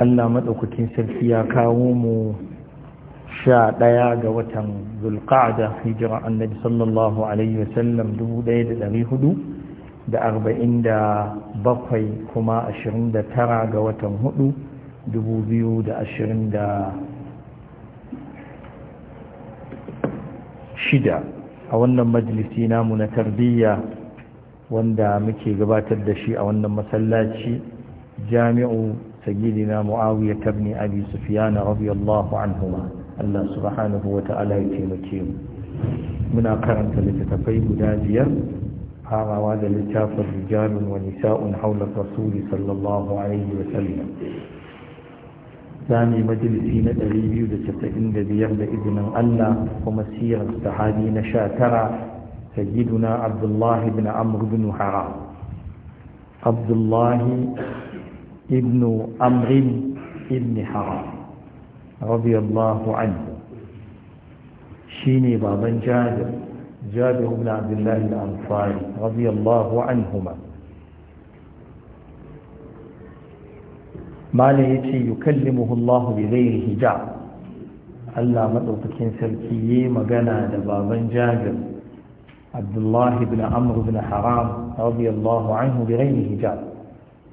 Allah maɗaukakin sarki ya kawo mu sha ɗaya ga watan zulƙa'ada hijira annabi sallallahu alaihi wasallam dubu ɗaya da ɗari hudu da arba'in da bakwai kuma ashirin da tara ga watan hudu dubu biyu da ashirin da shida a wannan majalisi namu na tarbiyya wanda muke gabatar da shi a wannan masallaci jami'u سيدنا معاوية بن أبي سفيان رضي الله عنهما الله سبحانه وتعالى يتيمكيم من أقرن فلتتفي مدازية هذا وهذا لتاف رجال ونساء حول الرسول صلى الله عليه وسلم ثاني مجلسي ندريبي ودستئن بيغ بإذن الله ومسير الصحابي نشاترا سيدنا عبد الله بن عمرو بن حرام عبد الله ابن أمر ابن حرام رضي الله عنه شيني بابا جابر جابر بن عبد الله الأنصاري رضي الله عنهما ما ليتي يكلمه الله بغير حجاب ألا مدرسة كنسلكي مغنى بابا جابر عبد الله بن عمرو بن حرام رضي الله عنه بغير حجاب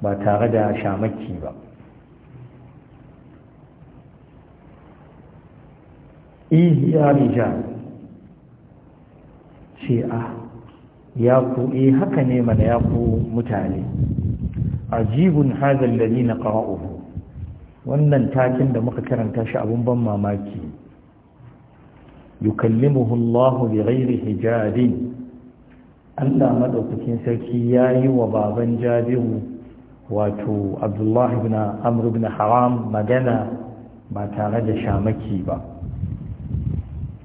ba tare da shamaki ba ya rija? ce a ah, ya ku eh haka ne mana ya ku mutane ajibun hazal ladina qara'uhu wannan takin da muka karanta shi abun ban mamaki yukallimuhu Allah bighairi hijabin Allah madaukakin sarki yayi wa baban Jabiru wato abdullahi ibn amru ibn haram magana ba tare da shamaki ba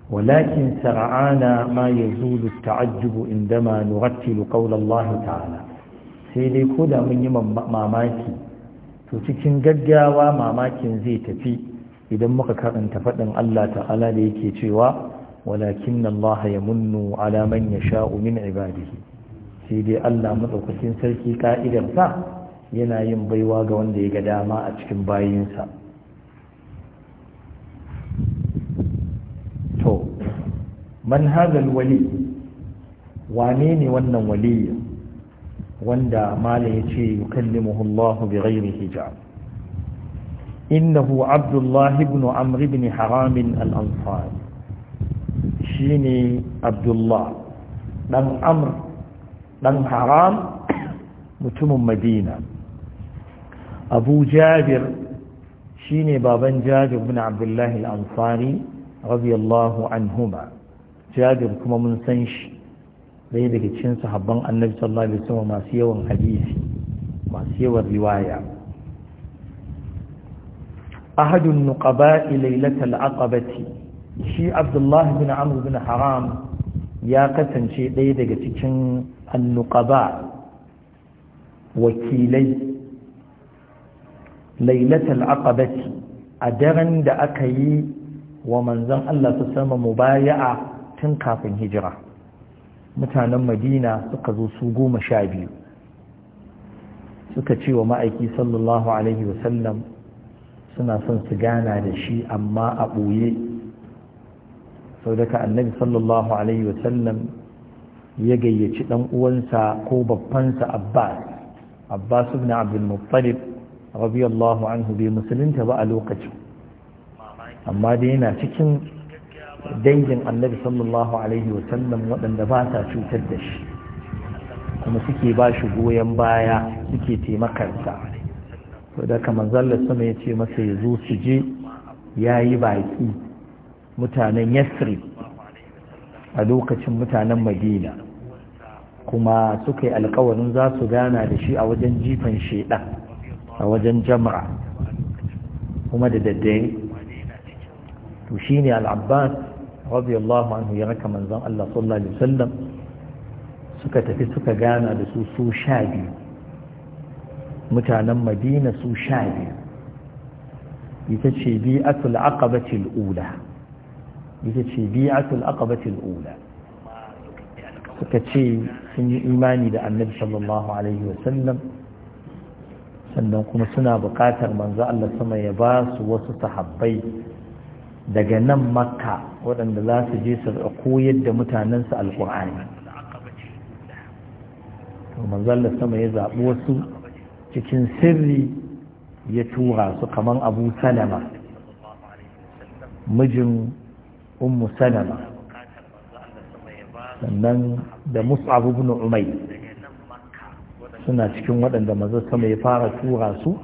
ma ya ما يزول التعجب عندما نرتل ta'ala. Sai dai ko da mun yi mamaki to cikin gaggawa mamakin zai tafi idan muka karanta faɗin Allah ta'ala da yake cewa walakin Allah ya munnu ala man yasha'u min ibadihi sai dai Allah madaukakin sarki sa. yana yin baiwa ga wanda ya ga dama a cikin bayinsa to man hadal wali wane ne wannan waliyi wanda mala ya ce yukallimuhu Allah bi ghairi hijab innahu abdullahi ibn amr ibn haram al-ansari shine abdullah dan amr dan haram mutumin madina abu jabir shine baban jabir bin abdullahi al-ansari radiyallahu anhuma jabir kuma mun san shi ɗaya daga cikin sahabban annabi sallallahu alaihi wasallam masu yawan hadisi masu yawan riwaya أحد النقباء ليلة العقبة شي عبد الله بن عمرو بن حرام يا قتن شي daga cikin النقباء wakilai. lailatul aqabati a daren da aka yi wa manzon Allah su sama mubaya'a tun kafin hijira mutanen madina suka zo su goma sha biyu suka ce wa ma'aiki sallallahu alaihi wasallam suna son su gana da shi amma a ɓoye sau daga annabi sallallahu alaihi wasallam ya gayyaci ɗan uwansa ko babbansa abbas abbas ibn abdul muttalib radiyallahu anhu bai musulunta ba a lokacin amma dai yana cikin dangin annabi sallallahu alaihi wasallam waɗanda ba sa cutar da shi kuma suke ba shi goyon baya suke taimakarsa da kamar zallar sama ya ce masa ya zo su je ya yi baƙi mutanen yasri a lokacin mutanen madina kuma suka yi alkawarin za su gana da shi a wajen jifan shaidan a wajen jam'a kuma da daddare to shine al-abbas radiyallahu anhu ya raka manzon Allah sallallahu alaihi wasallam suka tafi suka gana da su su sha biyu mutanen madina su sha biyu ita ce bi'atul aqabatil ula ita ce bi'atul aqabatil ula suka ce sun yi imani da annabi sallallahu alaihi wasallam sannan kuma suna buƙatar manzo Allah sama ya ba su wasu sahabbai daga nan makka waɗanda za su je su koyar da mutanensu alƙur'ani To manzo Allah sama ya zaɓi wasu cikin sirri ya tura su kamar abu salama mijin ummu salama sannan da mus'ab umai Umai. suna cikin waɗanda maza sama ya fara tura su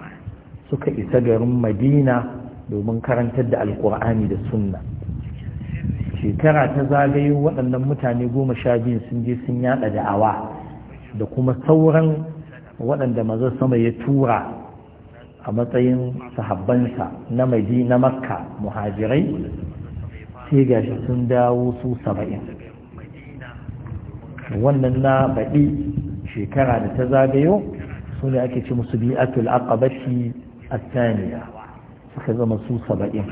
suka isa garin madina domin karantar da alkur'ani da sunna shekara ta zagayo waɗannan mutane goma sha biyu sun je sun yada da'awa da kuma sauran waɗanda maza sama ya tura a matsayin sahabbansa na madina makka muhajirai sai gashi sun dawo su saba'in wannan na baɗi shekara da ta zagayo su ne ake ce musu bi'atul a athaniya suka zama su saba'in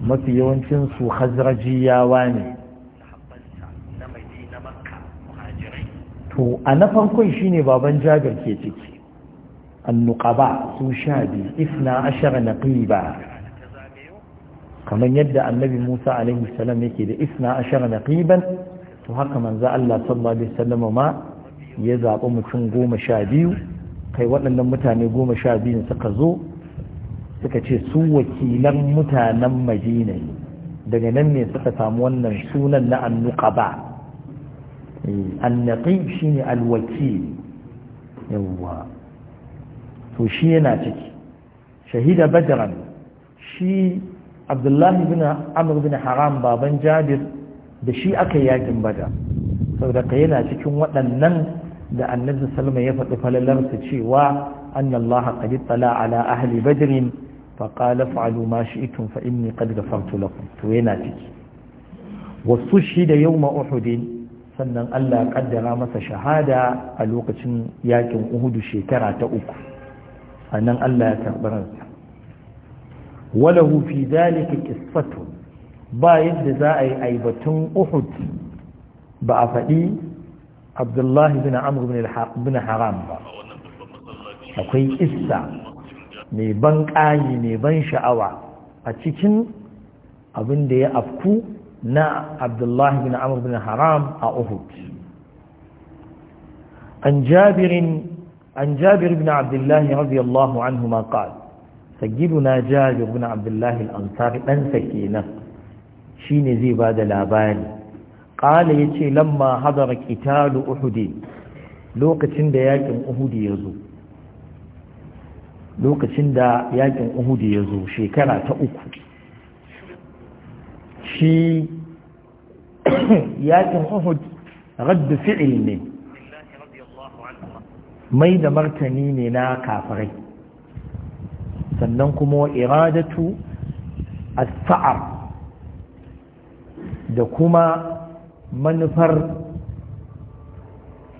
mafi yawancin su khazrajiyawa ne to a na farkon shine baban Jagar ke ciki annukaba, su sha biyu ifna ashara naqiba kamar yadda annabi Musa alaihi salam yake da ifna isna ashara ƙiban, to haka manzo Allah sallallahu alaihi wasallam ma ya zaɓi mutum goma sha biyu kai waɗannan mutane goma sha biyu suka zo suka ce su wakilan mutanen madina ne daga nan ne suka samu wannan sunan na annuka ba eh, annaƙi shi ne alwaki yawwa to shi yana ciki shahida badran shi abdullahi bin amur bin haram baban jabir da shi aka yakin badar saboda yana cikin waɗannan da annabi salma ya faɗi falalarsa cewa anna Allah qad tala ala ahli badr fa qala fa'alu ma shi'tum fa inni qad ghafartu lakum to yana ciki wasu shi da yawma uhud sannan Allah kaddara masa shahada a lokacin yakin uhud shekara ta uku sannan Allah ya karbaransa walahu fi dhalika qissatu ba yadda za a yi aibatun uhud ba a faɗi abdullahi bin amur bin haram ba akwai isa mai ban ƙayi mai ban sha'awa a cikin abinda ya afku na abdullahi bin amur bin haram a uhud an jabir bin abdullahi radiyallahu anhu ma qal sagiduna jabir bin abdullahi al'amsar ɗansa kenan shi ne zai ba da labari ƙala ya ce lamma hadara ƙitalu uhudi lokacin da yakin uhudi ya zo lokacin da yakin uhudi ya zo shekara ta uku shi yakin uhud raddu fi'il ne mai da martani ne na kafirai sannan kuma iradatu as-sa'ar da kuma manufar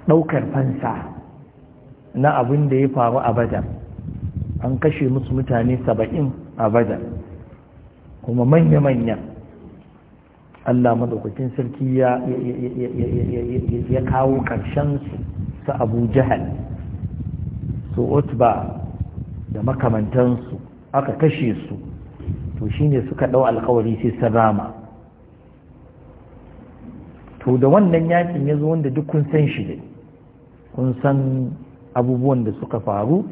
ɗaukar fansa na abin da ya faru a badar an kashe musu mutane saba'in a badar kuma manya-manya Allah maɗaukacin sarki ya kawo ƙarshen su abu jihar su utba da makamantansu aka kashe su to shine suka ɗau alkawari sai rama. to da wannan yakin ya zo wanda duk kun san shi ne kun san abubuwan da suka faru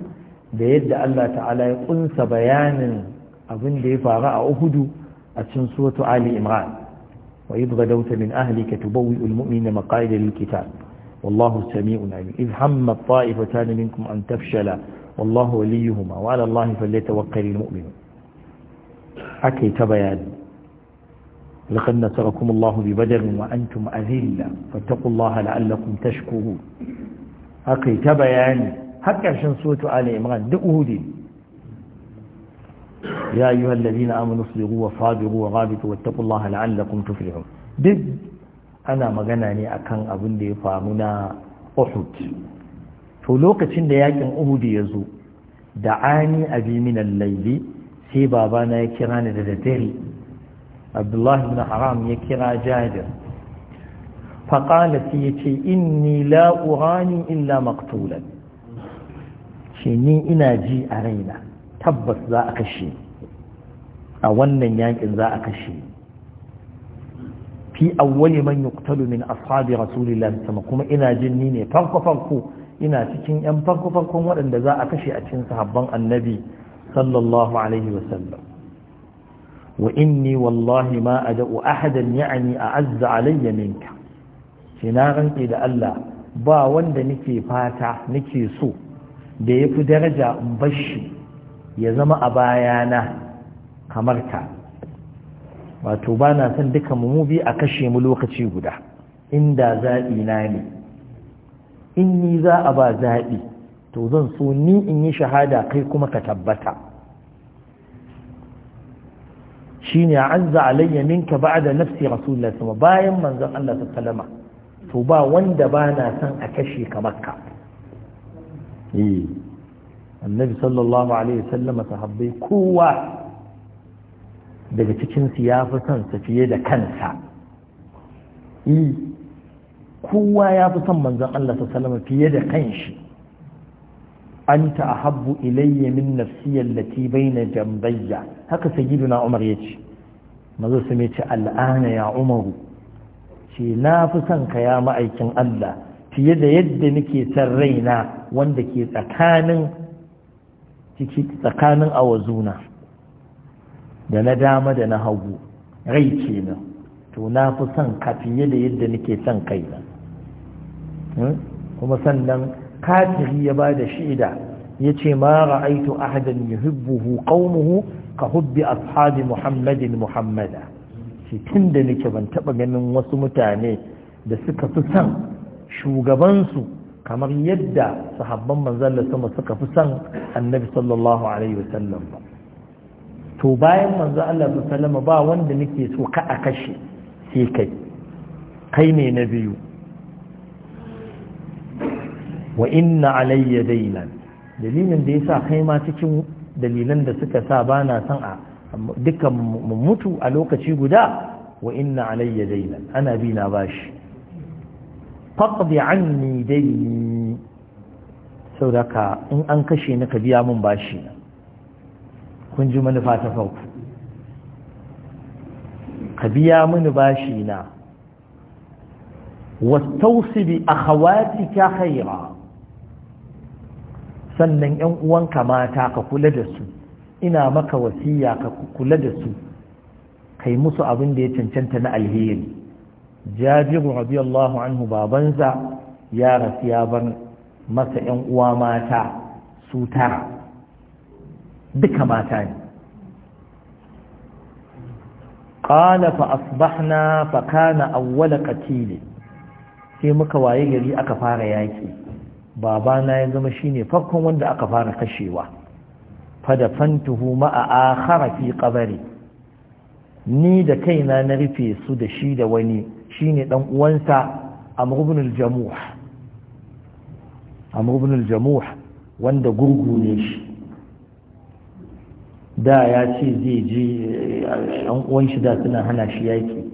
da yadda Allah ta'ala ya kunsa bayanin abin da ya faru a Uhudu a cikin suratu Ali Imran wa idh gadawta min ahlika tubawwi'u al-mu'minina maqa'ida lil-kitab wallahu samii'un 'alim idh hamma taifatan minkum an tafshala wallahu waliyuhuma wa 'ala Allahi falyatawakkalul mu'minun akai ta bayani لقد نصركم الله ببدر وأنتم أذلة فاتقوا الله لعلكم تشكرون أقي تبيان حكى عشان سورة آل عمران دؤهدي يا أيها الذين آمنوا اصبروا وصابروا وغابتوا واتقوا الله لعلكم تفلحون دب أنا مغناني أكن أبن دي فامنا أحد فلوك تند ياكن أهد يزو دعاني أبي من الليل سي بابانا يكراني ددتري abdullahi ibn haram ya kira jabir faƙala sai ya ce inni la urani illa maktulan ce ni ina ji a raina tabbas za a kashe a wannan yakin za a kashe fi awwali man yuqtalu min ashabi rasulillah sama kuma ina jin ni ne farko farko ina cikin yan farko farkon waɗanda za a kashe a cikin sahabban annabi sallallahu alaihi sallam. wallahi ma a والله ما أدعو أحدا a أعز علي منك شناغن إلى الله با وند نكي فاتح نكي so da ya fi daraja in bashi ya zama a bayana kamar ka wato ba na son duka mummubi a kashe mu lokaci guda inda zaɓi na ne in ni za a ba zaɓi to zan so ni in yi shahada kai kuma ka tabbata shine azza alayya minka da nafsi rasulullah sama bayan manzon Allah sallama to ba wanda bana san a kashe kamar ka eh annabi sallallahu alaihi wasallama sahabbai kowa daga cikin su ya fi son sa fiye da kansa eh kowa ya fi son manzon Allah sallama fiye da kanshi anta ahabbu ilayya min nafsi allati na jambayya haka sayyiduna umar yace mazo sai yace al'ana ya umaru ce na fi son ka ya ma'aikin Allah fiye da yadda nake san raina wanda ke tsakanin ciki tsakanin awazuna da na dama da na hagu rai kenan to na fi son ka fiye da yadda nake son kaina hmm? kuma sannan kafiri ya ba da shaida ya ce ma ra'aitu ahadan yuhibbuhu qaumuhu ka hubbi ashabi muhammadin muhammada shi tun da nake ban taɓa ganin wasu mutane da suka fi son shugabansu kamar yadda sahabban manzalla sama suka fi son annabi sallallahu alaihi wasallam to bayan manzo Allah sallama ba wanda nake so ka a kashe sai kai kai ne na biyu wa inna alayya dainan dalilin da yasa kai ma cikin dalilan da suka sa bana son a dukan mutu a lokaci guda wa inna alayya dainan ana bi na bashi faqdi anni daini saboda in an kashe ni ka biya mun bashi kun ji manufa ta farko ka biya mini bashi na wastausi bi akhawatika khaira sannan ‘yan uwanka mata ka kula da su ina maka wasiya ka kula da su kai musu abin da ya cancanta na alheri jabiru radiyallahu anhu babansa ya rasu ya bar masa ‘yan uwa mata su tara duka mata ne asbahna fa kana أول قتيل sai muka waye gari aka fara yaki babana ya zama shine farkon wanda aka fara kashewa ma ma'a akhara fi qabri ni da kaina na rufe su da shi da wani shine dan uwansa amr ibn al-jamuh amr ibn jamuh wanda gurgu shi da ya ce zai je eh, an uwan shi da suna hana shi yaki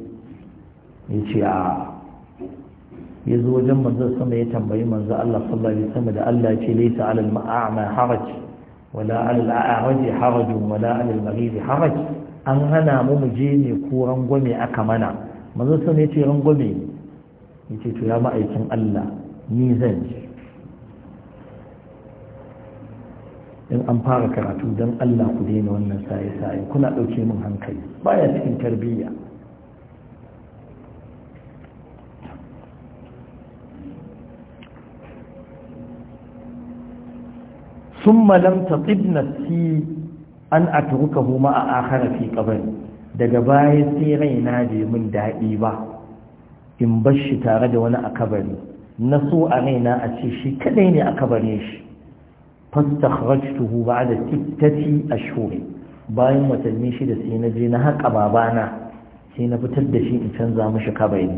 yace a ya zo wajen manzon sama ya tambayi manzon Allah sallallahu alaihi da Allah ce laysa alal ma'ama haraj wala alal a'raj harajun wala alal marid haraj an hana mu mu je ne ko rangwame aka mana manzon sama ya ce rangwame ne ce to ya ma'aikin Allah ni zan je in an fara karatu don Allah ku daina wannan saye-saye kuna ɗauke min hankali baya cikin tarbiyya thumma ta tsibna nafsi an atrukahu ma a fi qabri daga baya sai raina bai min daɗi ba in bar shi tare da wani a kabari na so a raina a ce shi kadai ne a kabarin shi da ba'da a shuri bayan watanni shida sai na je na haƙa babana sai na fitar da shi in canza mishi kabari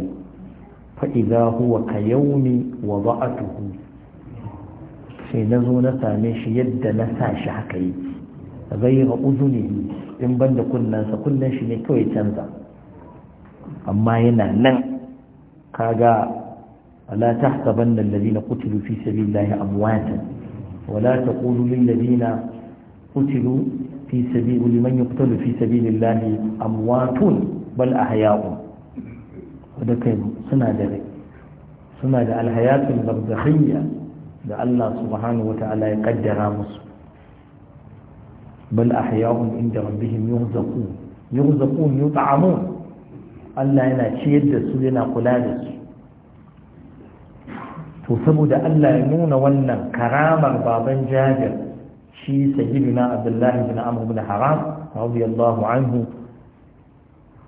fa idza huwa ka yawmi wada'atuhu sai na zo na same shi yadda na sa shi haka yi gaira uzuni in ban da kunnansa kunnan shi ne kawai canza amma yana nan kaga ala tahsabanna alladhina qutilu fi sabilillahi amwatan wala taqulu lil ladina qutilu fi sabil liman yuqtalu fi sabilillahi amwatun bal ahya'un da kai suna da suna da alhayatun barzahiyya da Allah subhanahu wata'ala ya kaddara musu bal ahya'un inda rabbihim yurzaqun yurzaqun yut'amun Allah yana ciyar da su yana kula da su to saboda Allah ya nuna wannan karamar baban Jabir shi sayyidina Abdullahi bin Amr bin Haram radiyallahu anhu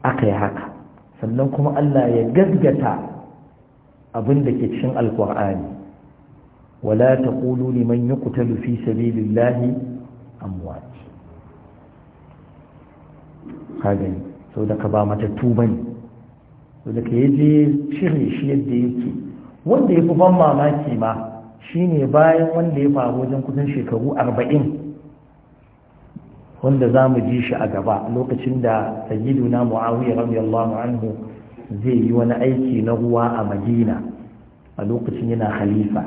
akai haka sannan kuma Allah ya gaggata abin da ke cikin alkur'ani ولا تقولوا لمن يقتل في سبيل الله أموات هذا سو da ka ba matattu tuba ne so da ka yi je shi yadda yake wanda ya fi ban mamaki ma shine bayan wanda ya faru wajen kusan shekaru arba'in wanda za mu ji shi a gaba lokacin da na mu'awiyar radiyallahu anhu zai yi wani aiki na ruwa a madina a lokacin yana khalifa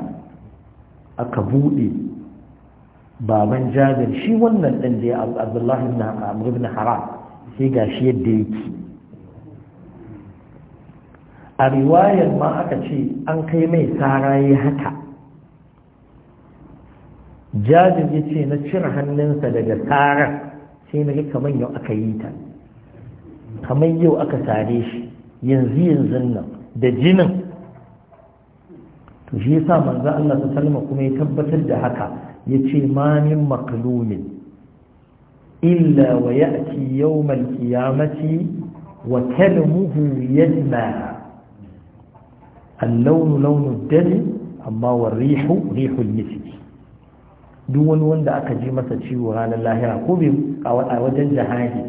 aka buɗe baban jabir shi wannan ɗan da ya abdullahi na Amurin haram sai ga shi yadda yake a riwayar ma aka ce an kai mai tsara ya haka jabir ya ce na cire hannunsa daga tsarar sai na ga kamar yau aka yi ta kamar yau aka sare shi yanzu yanzu nan da jinin to shi yasa manzo Allah ta sallama kuma ya tabbatar da haka yace ma min maqlumin illa wa ya'ti yawm al-qiyamati wa kalmuhu yadma اللون لون الدم amma wa rihu rihul miski duk wani wanda aka ji masa ciwo ranar lahira ko bai a wajen jihadi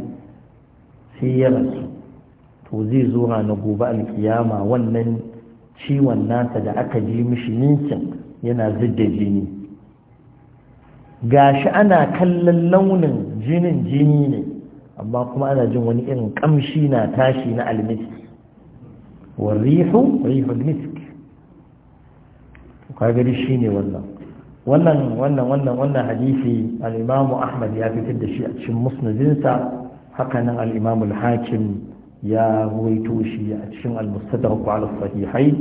sai ya rasu to zai zo ranar gobe alkiyama wannan ciwon nasa da aka ji mishi ninkin yana zidda jini gashi ana kallon launin jinin jini ne amma kuma ana jin wani irin kamshi na tashi na almisk warrihu rihul misk kagari shi ne wannan wannan wannan wannan wannan hadisi al'imamu ahmad ya fitar da shi a cikin musnadinsa hakanan al'imamu al-hakim ya ruwaito shi a cikin al ku ala sahihai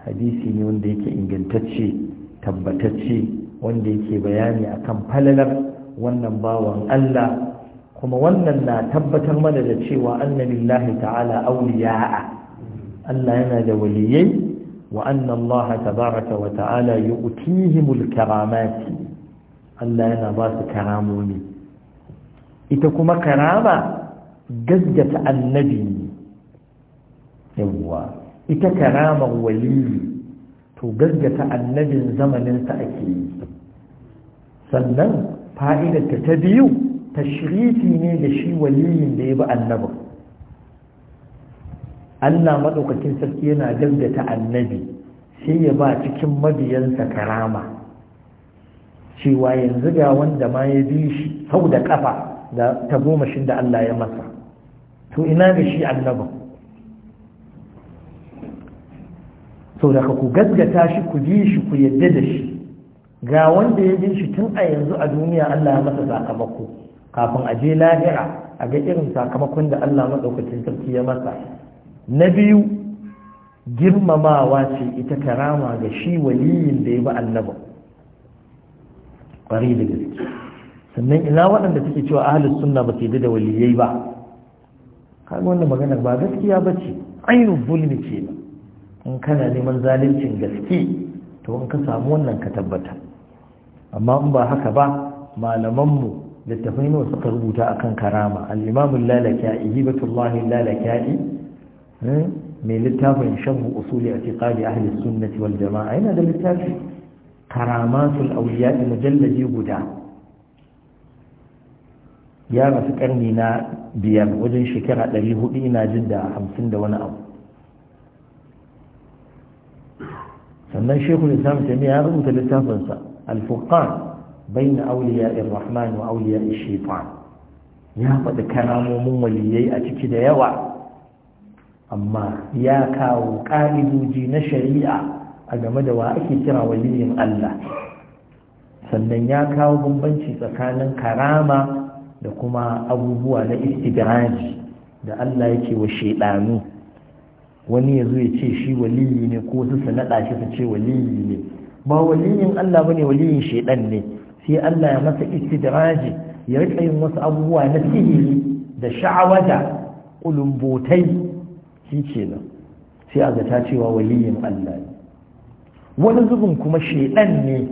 hadisi ne wanda yake ingantacce tabbatacce wanda yake bayani akan falalar wannan bawan Allah kuma wannan na tabbatar mana da cewa annabillahi ta'ala awliya'a Allah yana da waliyai wa anna Allah tabaraka wa ta'ala yu'tihimul karamati Allah yana ba su karamomi ita kuma karama gaggata annabi yawwa ita karamar waliyi to gaggata annabin zamaninsa ake yi sannan fa'idarta ta biyu shiriti ne da shi waliyin da ya bi annabin Allah maɗaukakin sarki yana gaggata annabi sai ya ba cikin mabiyansa karama cewa yanzu ga wanda ma ya bi shi sau da ƙafa da ta goma shi da Allah ya masa to ina da shi annaba? sau daga ku gaggata shi ku ji shi ku yadda da shi ga wanda ya ji shi tun a yanzu a duniya Allah ya masa sakamako kafin a je lahira a ga irin sakamakon da Allah maɗaukacin sarki ya masa na biyu girmamawa ce ita karama ga shi waliyin da ya bi annaba ƙwari da gaske sannan ina waɗanda suke cewa ahalus sunna ba su da waliyai ba ga wannan magana ba gaskiya ba ce ainihin bulmi ce in kana neman zalincin gaske to in ka samu wannan ka tabbata amma in ba haka ba malamanmu littafai nawa suka rubuta a kan karama al'imamun lalaka'i hibatullahi lalaka'i eh, mai littafin shan usuli a tiƙali ahli sunnati wal jama'a yana da littafi karamatul auliya mujallaji guda ya rasu karni na biyar wajen shekara ɗari hudu ina jin da hamsin da wani abu sannan shekul samun taimi ya rubuta littafinsa bai na auliya irrahman wa auliya shaitan ya faɗi karamomin waliyai a ciki da yawa amma ya kawo ƙa'idoji na shari'a a game da wa ake kira waliyin Allah sannan ya kawo bambanci tsakanin karama da kuma abubuwa na istidraji da Allah yake wa shaidanu wani ya zo ya ce shi waliyi ne ko su su naɗa shi su ce waliyi ne ba waliyin Allah bane waliyin shaidan ne sai Allah ya masa istidraji ya rika yin wasu abubuwa na sihiri da sha'awa da kulumbotai shi nan sai a zata cewa waliyin Allah ne wani zubin kuma shaidan ne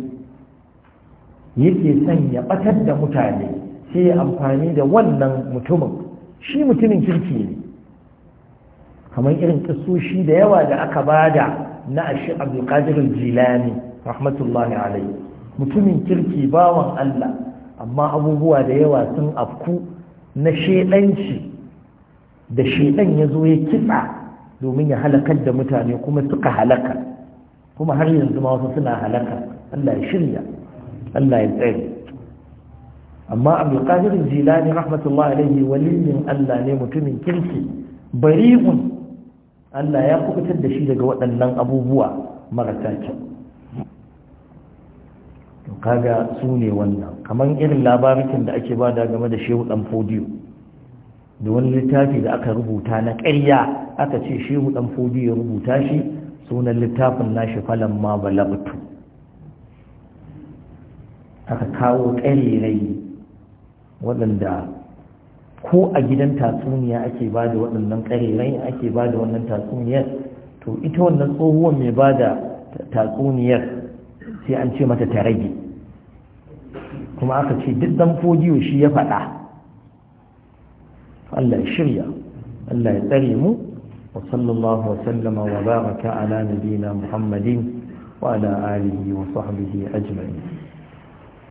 yake son ya batar da mutane sai ya amfani da wannan mutumin shi mutumin kirki ne kamar irin kisoshi da yawa da aka bada na ashi abdulkadir jilani rahmatullahi alai mutumin kirki bawan Allah amma abubuwa da yawa sun afku na shedanci da shedan ya zo ya kitsa domin ya halakar da mutane kuma suka halaka kuma har yanzu ma wasu suna halaka Allah ya shirya Allah ya tsare amma abdulkadir jilani rahmatullahi alaihi waliyin allah ne mutumin kirki bari'un allah ya kubutar da shi daga waɗannan abubuwa marasa kyau kaga su ne wannan kamar irin labarikin da ake bada game da shehu dan fodiyo da wani littafi da aka rubuta na ƙarya aka ce shehu dan fodiyo rubuta shi sunan littafin nashi falan ma balabtu aka kawo ƙarirai waɗanda ko a gidan tatsuniya ake ba da waɗannan ƙarerai ake ba da wannan tatsuniyar to ita wannan tsohuwar mai ba da tatsuniyar sai an ce mata ta rage kuma aka ce duk dan fodiyo shi ya faɗa Allah ya shirya Allah ya tsare mu wa sallallahu wa sallama wa baraka ala nabina muhammadin wa ala alihi wa sahbihi ajma'in